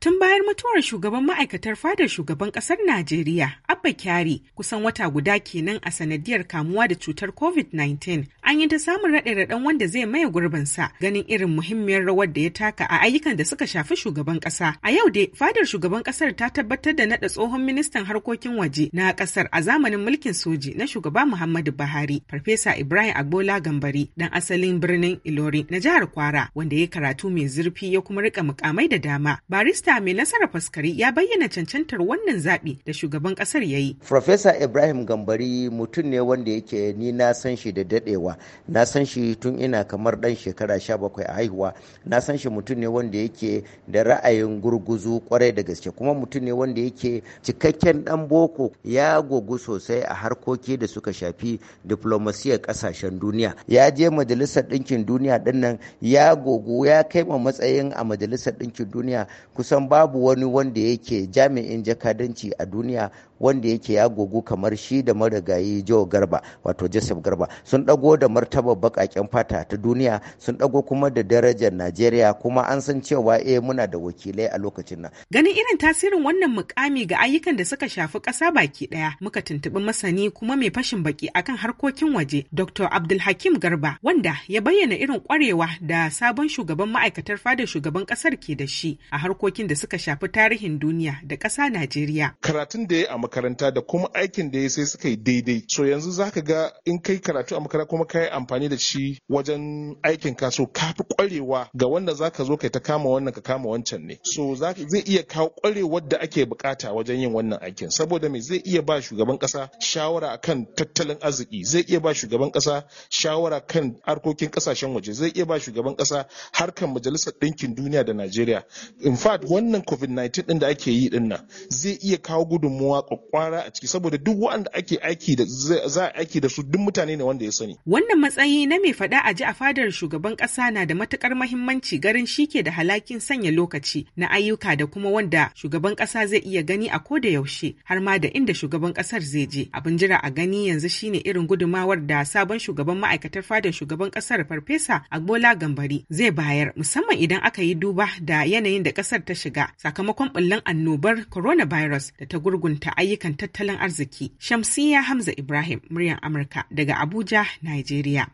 Tun bayan mutuwar shugaban ma'aikatar fadar shugaban kasar Najeriya, Abba Kyari, kusan wata guda kenan a sanadiyar kamuwa da cutar COVID-19, an yi ta samun raɗe-raɗen wanda zai maye gurbinsa ganin irin muhimmiyar rawar da ya taka a ayyukan da suka shafi shugaban ƙasa. A yau dai, fadar shugaban ƙasar ta tabbatar da naɗa tsohon ministan harkokin waje na ƙasar a zamanin mulkin soji na shugaba Muhammadu Buhari, Farfesa Ibrahim Agbola Gambari, dan asalin birnin Ilorin na jihar Kwara, wanda ya karatu mai zurfi ya kuma riƙa mukamai da dama. Barista Minista mai nasara faskari ya bayyana cancantar wannan zaɓi da shugaban ƙasar ya yi. Profesa Ibrahim Gambari mutum ne wanda yake ni na san shi da daɗewa, na san shi tun ina kamar ɗan shekara sha bakwai a haihuwa, na san shi mutum ne wanda yake da ra'ayin gurguzu kwarai da gaske, kuma mutum ne wanda yake cikakken ɗan boko ya gogu sosai a harkoki da suka shafi diplomasiyar kasashen duniya. Ya je majalisar ɗinkin duniya ɗin nan ya gogu ya kai ma matsayin a majalisar ɗinkin duniya kusan kusan babu wani wanda yake jami'in jakadanci a duniya wanda yake ya gogu kamar shi da marigayi Joe Garba wato Joseph Garba sun dago da martaba bakaken fata ta duniya sun dago kuma da darajar Najeriya kuma an san cewa eh muna da wakilai a lokacin nan. Ganin irin tasirin wannan mukami ga ayyukan da suka shafi ƙasa baki ɗaya muka tuntuɓi masani kuma mai fashin baki akan harkokin waje Dr. Abdulhakim Garba wanda ya bayyana irin kwarewa da sabon shugaban ma'aikatar fada shugaban ƙasar ke da shi a harkokin da suka shafi tarihin duniya da ƙasa Najeriya. Karatun da ya makaranta da kuma aikin da ya sai suka yi daidai so yanzu zaka ga in kai karatu a makaranta kuma ka yi amfani da shi wajen aikin ka so ka fi kwarewa ga wanda zaka zo kai ta kama wannan ka kama wancan ne so zai iya kawo kwarewar da ake bukata wajen yin wannan aikin saboda me zai iya ba shugaban kasa shawara kan tattalin arziki zai iya ba shugaban kasa shawara kan harkokin kasashen waje zai iya ba shugaban kasa harkan majalisar ɗinkin duniya da Najeriya in fact wannan covid-19 din da ake yi din nan zai iya kawo gudunmuwa kwakwara a ciki saboda duk wanda ake aiki da za a aiki da su duk mutane ne wanda ya sani. Wannan matsayi na mai faɗa a ji a fadar shugaban ƙasa na da matuƙar mahimmanci garin shi ke da halakin sanya lokaci na ayyuka da kuma wanda shugaban ƙasa zai iya gani a ko da yaushe har ma da inda shugaban ƙasar zai je. Abin jira a gani yanzu shine irin gudumawar da sabon shugaban ma'aikatar fadar shugaban ƙasar Farfesa Agbola Gambari zai bayar musamman idan aka yi duba da yanayin da ƙasar ta shiga sakamakon ɓullan annobar coronavirus da ta gurgunta ayyuka ayyukan tattalin arziki. Shamsiyya Hamza Ibrahim, muryar Amurka daga Abuja, Najeriya.